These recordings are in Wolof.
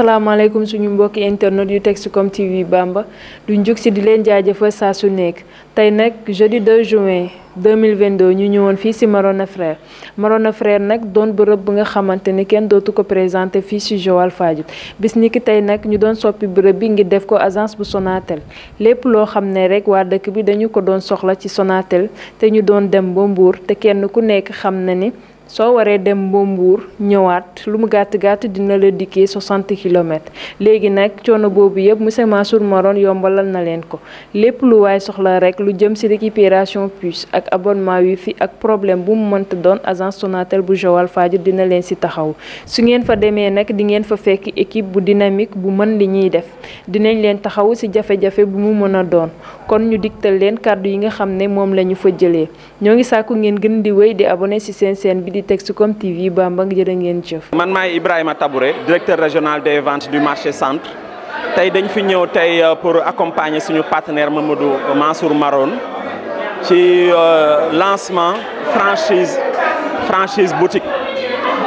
asalaamaaleykum suñu mbokk internet yu Texcom TV Bamba du jóg ci di leen jaajëfal sa su nek tay nak jeudi 2 juin 2022 ñu ñëwoon fi si Marona Frère Marona Frère nak doon bërëb bu nga xamantene ni kenn dootu ko présenté Joal Fadiouth bis ni ki tey nag ñu doon soppi bërëb bi ngi def ko agence bu Sonatel lepp lo xam rek wa dëkk bi dañu ko doon soxla ci Sonatel te ñu doon dem bo Mbour te kenn ku nek xamna ni. soo waree dem ba Mbour ñëwaat lu mu gàtt gàtt dina la dikkee 60 kilomètres léegi nag coono boobu yëpp monsieur Mansour Maron yombalal na leen ko lépp lu waay soxla rek lu jëm ci récupération puce ak abonement abonnement wifi ak problème bu mu mënta doon agence Sonatel bu Joal Fadiouth dina leen ci taxaw su ngeen fa demee nag di ngeen fa fekk équipe bu dynamique bu mën li ñuy def dinañ leen taxaw ci jafe-jafe bu mu mën a doon kon ñu digtal leen kàddu yi nga xam ne moom la ñu fa jëlee ñoo ngi sàkku ngeen di wéy di abonné ci seen bi Je TV Bambang man Ibrahima directeur régional des ventes du marché centre Je suis venu ñëw euh, pour accompagner suñu partenaire Mamadou Mansour Maron ci euh, lancement franchise franchise boutique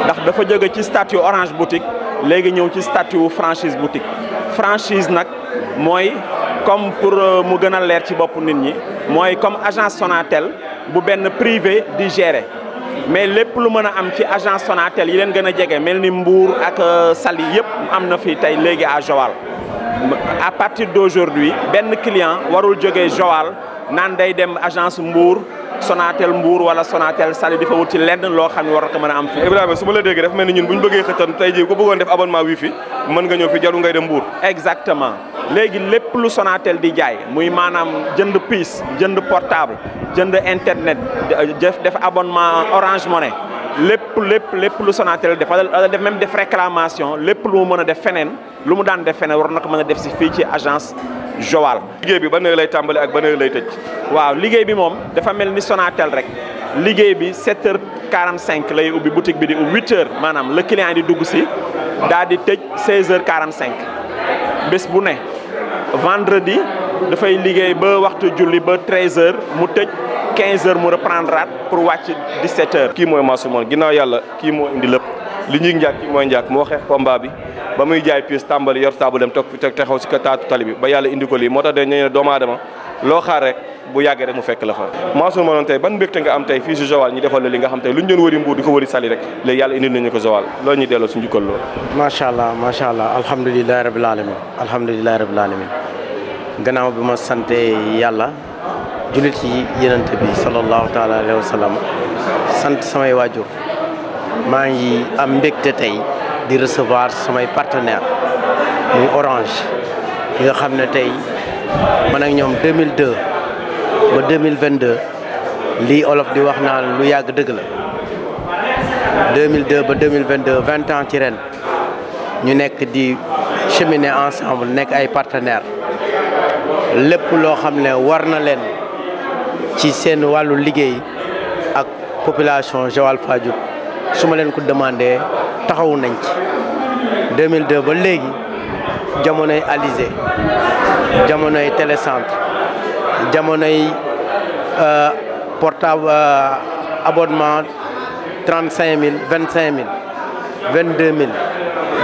ndax dafa jóge ci statut orange boutique léegi ñëw ci statut franchise boutique franchise nak, comme pour euh, mu gën l'air leer comme agence Sonatel bu est privé de gérer mais lépp lu mën am ci agence Sonatel yi leen gën a jege mel ni Mbour ak euh, Saly yëpp am na fi tey léegi à Joal à partir d'aujourd'hui ben client warul jógee Joal naan day dem agence Mbour Sonatel Mbour wala Sonatel Saly di fa wuti lenn loo xam ne war na am fi Ibrahima su ma la déggee daf mel ni ñun bu ñu bëggee xëtan tey jii ku bëggoon def abonnement wifi fi mën nga ñëw fi jaru ngay dem Mbour exactement léegi lépp lu Sonatel di jaay muy manam jënd piis jënd portable jënd internet def def abonnement Orange Money lépp lépp lépp lu Sonatel def def même def réclamation lépp lu mu mën def fenen lu mu daan def fenen war nak ko a def ci fii ci agence Joal. liguey bi ban lay tambalé ak ban lay tejj waaw liguey bi mom dafa mel ni Sonatel rek liguey bi 7 h 45 lay ubi boutique bi di 8 h manam le client di dugg ci daal di tejj 16 h 45 bés bu ne vendredi da fay liguey ba waxtu julli ba 13h mu tej 15h mu reprendre pour wàcc 17h. ki moy Mansour Mor yalla ki mo indi lepp li ñuy njàkk ci mooy njàkk moo xeex combat ba muy jaay pièce tàmbali yor saabu dem toog taxaw si ko taatu tali bi ba yàlla indi ko lii moo tax dañ ne doomu aadama loo xaar rek bu yàggee rek mu fekk la fa Mansour Manon tey ban mbégte nga am tey fii si Joal ñu defal la li nga xam tey lu ñu doon wëri mbuur di ko wëri sali rek léegi yàlla indi nañu ko Joal loolu ñuy delloo suñu jukkal loolu macha allah alamin alhamdulilahi bi ma sante yàlla julit yi yenante bi sallallahu taala alayhi wa sallam sant samay waajur Je suis am heureux de recevoir mon partenaire Orange En nga xam en 2002 ba 2022 li olof di wax naan lu yag 2002 ba 2022 20 ans ci ren ñu nekk di cheminer ensemble nekk ay partenaires lepp lo xam warna len ci sen walu ak population Joal Fadiouth sumalen ku demande demander 2002 ba jamono alizé jamono ay télécentre jamono ay euh, portable euh, abonnement 35000 25000 22000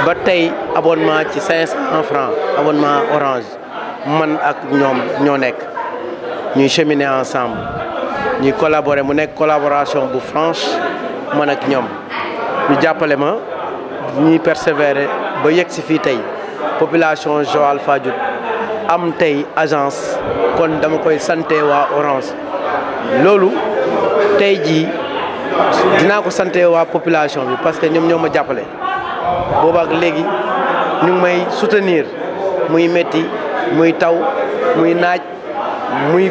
ba tay abonnement ci 500 francs abonnement orange Nous ak ñom ño ensemble Nous collaborer mu nek collaboration bu franche man ak ñom ñu jappalé ma ñi persévérer ba population Joal Fadiouth am agence kon dama koy santé Orange lolu tay pour dina ko population bi parce que ñom ñoma jappalé nous sommes légui ñu may soutenir muy metti muy taw muy naaj muy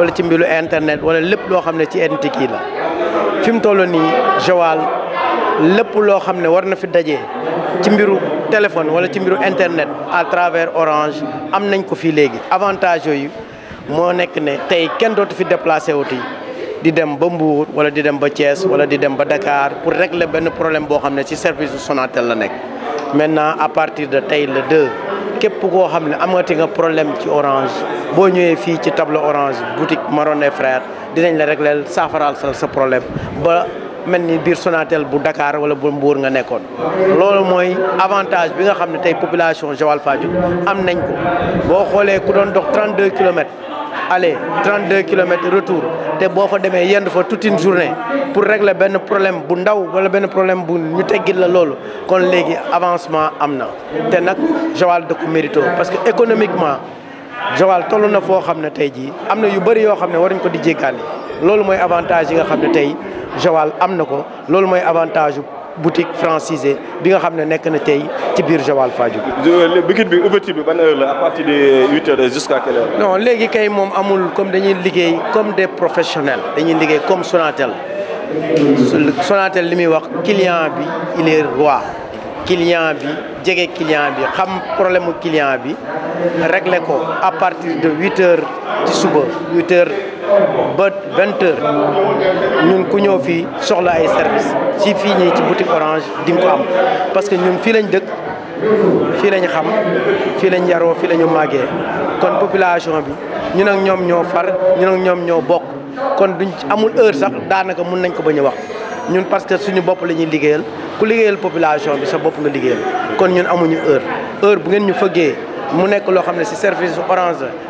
wala ci mbiru internet wala lépp loo xam ne ci ethnique yi la fi mu toll nii Joal lépp loo xam ne war na fi daje ci mbiru téléphone wala ci mbiru internet à travers Orange am nañ ko fii léegi. avantage yooyu moo nekk ne tey kenn dootu fi déplacé wuti di dem ba Mbour wala di dem ba Thiès wala di dem ba dakaar pour régler benn problème boo xam ne ci service su Sonatel la nekk maintenant à partir de tey la 2. képp koo xam ne amati nga problème ci orange boo ñëwee fii ci tableau orange boutique Maron et di dinañ la régleel saafaraal sa sa problème ba mel ni biir Sonatel bu dakaar wala bu Mbour nga nekkoon loolu mooy avantage bi nga xam ne tey population Joal Fadiouth am nañ ko boo xoolee ku doon dox 32 kilomètres aller 32 km retour té boo démé demee yend fa toute une journée pour régler ben problème bu ndaw wala ben problème bu ñu téggil la lolu kon légui avancement amna té nak nag de dëkku mérito parce que économiquement Joal tollu na fo xamné tay ji amna yu bari yo xamné war ñu ko di jéggaani lolu moy avantage yi nga xamné tay Joal am ko loolu avantage boutique francisée bi nga xamné na ci le bi ouverture heure à partir de 8 h jusqu'à quelle heure. non kay comme dañuy comme des professionnels dañuy comme Sonatel Sonatel wax client bi il est roi. client bi client bi xam problème client bi ko à partir de 8 h ci suba 8 heures ba vingt ñun ku ñëw fii soxla ay service ci fii ñii ci boutique orange di ko am parce que ñun fii lañ dëkk fii lañ xam fii lañ yaroo fii la ñu màggee kon population bi ñun ak ñoom ñoo far ñun ak ñoom ñoo bokk kon duñ amul heure sax daanaka mun nañ ko ba ñu wax ñun parce que suñu bopp la ñuy liggéeyal ku liggéeyal population bi sa bopp nga liggéeyal kon ñun amuñu heure heure bu ngeen ñu fëggee mu nekk loo xam ne si service orange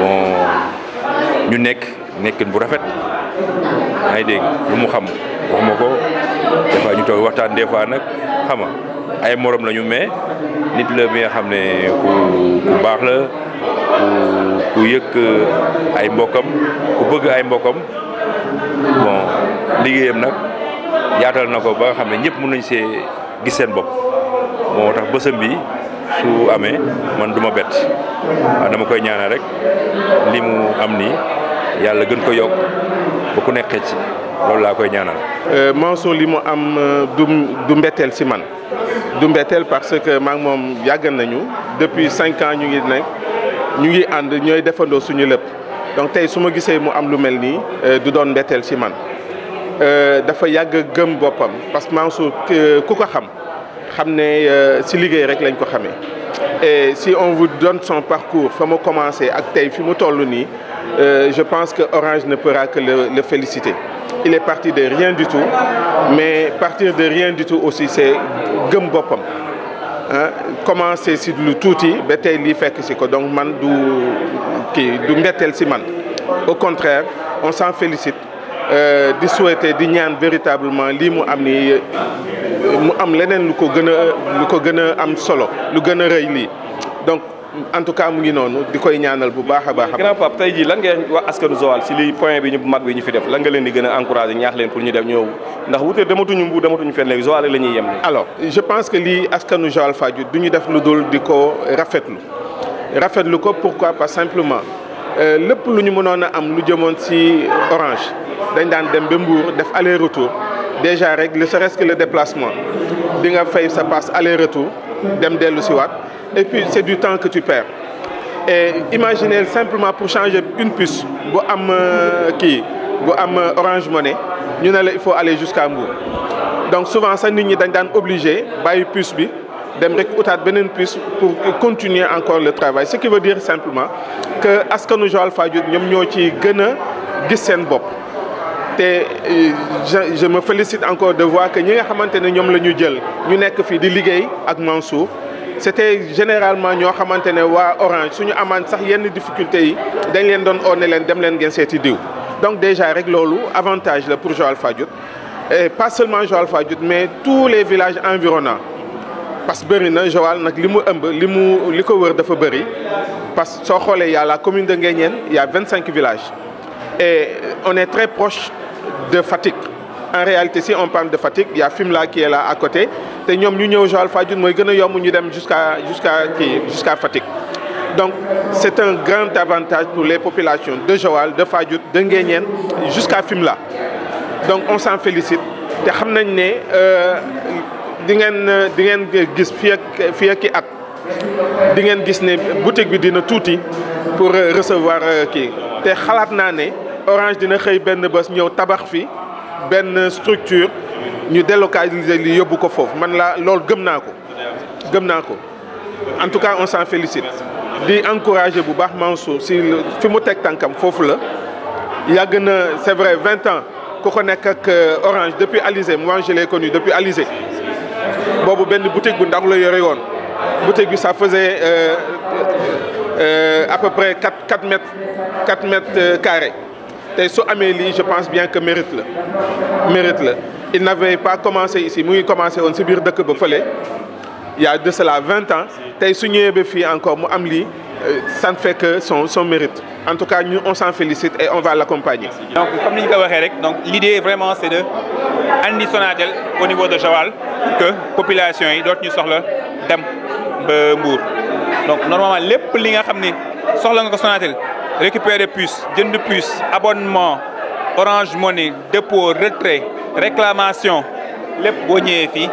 bon ñu nekk nekkin bu rafet yaa ngi dégg lu mu xam wax ma ko des fois ñu toog waxtaan des fois nag xam nga ay morom la ñu mais nit la bi nga xam ne ku ku baax la ku ku yëg ay mbokkam ku bëgg ay mbokkam bon liggéeyam nag yaatal na ko ba nga xam ne ñëpp mën nañ see gis seen bopp moo tax bësam bi su amee man du ma bett waaw ah, dama koy ñaanal rek li mu am nii yàlla gën ko yokk boo ku nekkee ci loolu laa koy ñaanal. Euh, Mansour li mu am euh, du du mbetteel si man du mbetteel parce que maa moom yàgg nañu depuis cinq ans ñu ngi nekk ñu ngi ànd ñooy defandoo suñu lépp donc tey su ma gisee mu am lu mel nii euh, du doon mbetteel si man dafa yàgg gëm boppam parce que Mansour ku ko xam. xamné euh, si rek et si on vous donne son parcours fa commencer? Euh, je pense que Orange ne pourra que le féliciter il est parti de rien du tout mais partir de rien du tout aussi c'est gëm bopam hein commencer si lu tuuti ba fait que fekk ci ko donc man du ki du au contraire on s'en félicite euh, de souhaiter di véritablement Limo mu am mu am leneen lu ko gën a lu ko gën a am solo lu gën a rëy lii donc en tout cas mu ngi noonu di koy ñaanal bu baax a baax. grand pap tey jii lan ngay wax askanu Joal si li point bi ñu mag bi ñu fi def lan nga leen di gën a encouragé ñaax leen pour ñu def ñëw ndax wutee dematuñu mbuur dematuñu fenn léegi Joal la ñuy yem nii. alors je pense que lii askanu Joal faju du ñu def lu dul di ko rafetlu rafetlu ko pourquoi pas simplement euh, lépp lu ñu mënoon a am lu jëmoon si orange dañ daan dem ba mbuur def aller retour déjà rek ne serait-ce que le déplacement di nga fay sa passe aller-retour dem et puis c'est du temps que tu perds et imaginez simplement pour changer une puce qui am euh, ki euh, Orange Money il faut aller jusqu'à Mbour donc souvent ça nit ñi dañ dan obligé une puce bi dem rek outat puce pour continuer encore le travail ce qui veut dire simplement que askanu Joal nous ñom ñoo ci gën de gis euh, je me félicite encore de voir que nous avons fait ne ñoom la jël ñu nekk Mansour c'était généralement nous avons fait Orange suñu amaan sax yenn difficultés yi dañ leen doon le ne leen dem leen donc déjà rek l'Olu, avantage pour Joal Fadiouth et pas seulement Joal Fadiouth mais tous les villages environnants parce que Joal a li mu ëmb li parce que a la commune de il y a 25 villages et on est très proche de Fatik. en réalité si on parle de il y' a Fimla qui est là à côté et nous, ñu ñëw jusqu'à jusqu'à jusqu'à donc c'est un grand avantage pour les populations de Joal de Fadiouth de jusqu'à Fimla donc on s'en félicite et xam nañ que euh, di ngeen di ngeen gis fii ak que ak di boutique bi dina pour recevoir qui euh, avons xalaat Orange dina xey ben bés ñëw tabax fi ben structure ñu délocaliser li yóbbu ko foofu man la lool gëm nako gëm nako en tout cas on s'en félicite di encourager bu baax Mansour si fi mu tek tankam foofu la yàgg na c'est vrai vingt ans ku ko nekk ak euh, Orange depuis Alizé moi je l'ai connu depuis Alizé bobu ben boutique bu ndax la yore won boutique bi ça faisait euh, euh, à peu près 4, quatre mètres quatre mètres euh, carrés et su je pense bien que mérite mérite il n'avait pas commencé ici il a commencé à si de ba il y a de cela 20 ans Il a ñëwee encore Amélie. Euh, ça ne fait que son mérite en tout cas nous on s'en félicite et on va l'accompagner donc comme ni ñu donc l'idée vraiment c'est de Sonatel au niveau de pour que population doit être soxla dem Mbour donc normalement les li nga vous ne soxla nga Sonatel récupérer puce de puce abonnement Orange Money dépôt retrait réclamation Les bonnes filles,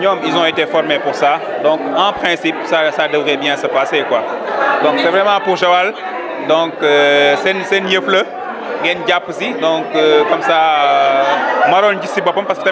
ils ont été formés pour ça donc en principe ça devrait bien se passer quoi donc c'est vraiment pour cheval donc c'est Il y a une aussi, donc euh, comme ça que c'est pas parce que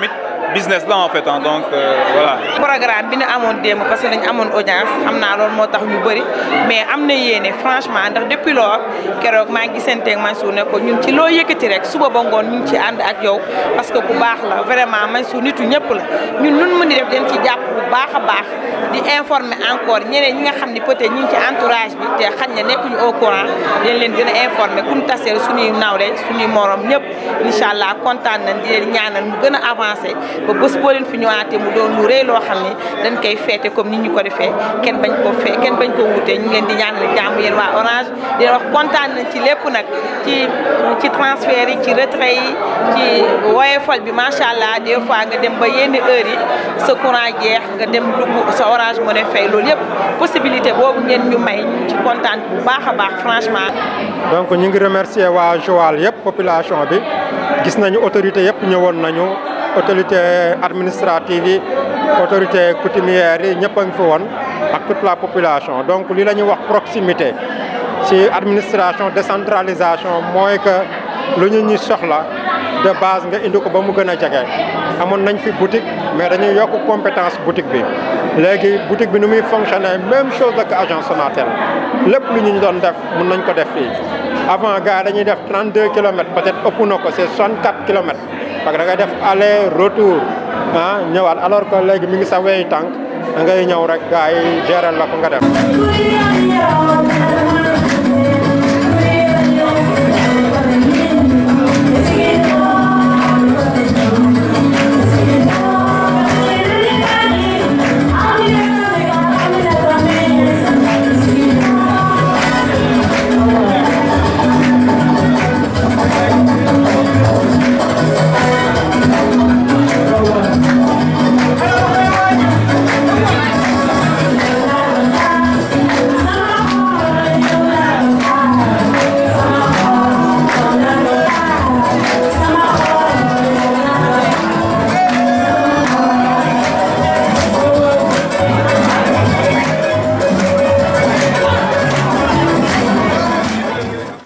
business la en fait ah donc euh, voilà. programme bi ñu amoon démb parce que dañu amoon audience amna lool motax ñu bari mais amna yene franchement ndax depuis lors kérok ma ngi senté ak Mansour ne ko ñun ci lo yëkëti rek suba ba ngoon ñu ci and ak yow parce que bu baax la vraiment Mansour nitu ñëpp la ñun nun mëni def dañ ci japp bu baaxa baax di informer encore ñeneen ñi nga xam peut-être ñu ci entourage bi té xañ na nekkuñu au courant dañ leen gëna informer ku ñu suñu nawlé suñu morom ñëpp inshallah contane nañ di leen ñaanal mu gëna avancer ba bés boo leen fi ñëwaatee mu doon lu rëy loo xam ne dañ koy feete comme ni ñu ko defee kenn bañ koo fee kenn bañ koo wutee ñu leen di ñaanal jàmm yéen waa Orange di wax kontaan nañ ci lépp nag ci ci transfert yi ci retrait yi ci woyofal bi macha allah des fois nga dem ba yenn heure yi sa courant jeex nga dem dugg sa Orange moo ne fay loolu yëpp possibilité boobu ngeen ñu may ci kontaan bu baax a baax franchement. donc ñu ngi remercier waa Joal yëpp population bi gis nañu autorité yëpp ñëwoon nañu. autorité administrative autorité coutumière yi ñëpp a fi toute la population donc li avons ñuy wax proximité ci administration décentralisation mooy que lu ñu là soxla de base nga indi ko ba mu gën a Nous nañ fi boutique mais dañuy yokk compétence boutique bi léegi boutique bi nu fonctionner même chose que l'agence Sonatel Le lu ñu doon def nous nañ ko def avant gars dañuy def 32 km, peut-être au plus, c'est 64 kilomètres parce que da ngay def ale retour ah ñëwaat alors que léegi mi ngi sa wey tànk da ngay ñëw rek gars yi gérer la ko def.